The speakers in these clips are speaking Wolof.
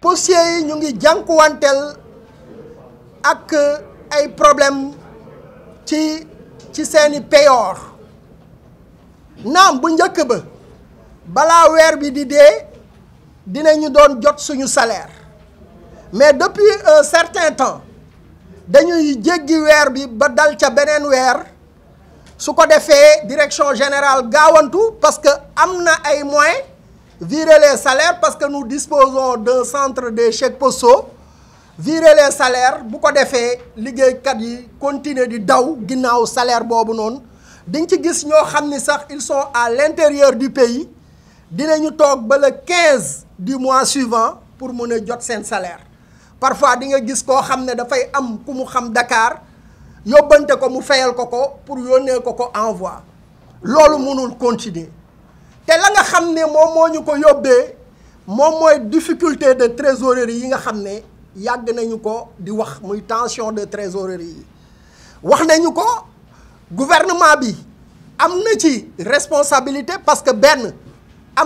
postiers yi ñu ngi jànkuwanteel ak ay problème ci ci seeni peyoor naam bu njëkk ba balaa weer bi di dee dinañu doon jot suñu salaire mais depuis un certain temps dañuy jéggi weer bi ba dal ca beneen weer su ko defee direction générale gaawantu parce que am na ay moyens virer les salaires parce que nous disposons d'un centre de chèques postaux virer les salaires beaucoup d'effets, defee liggéeykat yi continuer de daw ginnaaw salaire que les ils sont à l'intérieur du pays Ils ont ba le 15 du mois suivant pour mun a salaire parfois di nga gis koo xam des dafay am ku xam Dakar pour ko mu fayal ko ko pour yónnee ko ko envoi loolu mënul continuer et la nga xam ne moom difficultés difficulté de trésorerie yi nga di tension de trésorerie Le wax nañu gouvernement a am responsabilité parce que les gens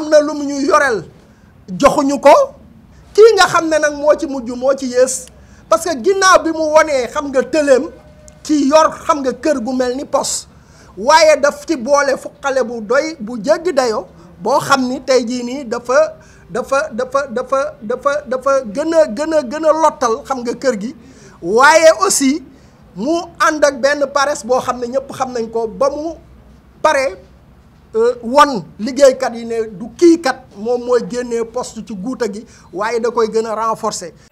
na lu mu ñu joxuñu ko nga nak mo ci ci parce que bi mu xam waaye daf ci boole fuqale bu doy bu jéggi dayoo boo xam ni tey jii nii dafa dafa dafa dafa dafa dafa gën a gën a gën a lottal xam nga kër gi waaye aussi mu ànd ak benn pares boo xam ne ñëpp xam nañ ko ba mu pare euh, won liggéeykat yi ne du kii kat moom mooy génnee post ci guuta gi waaye da koy gën a renforcer.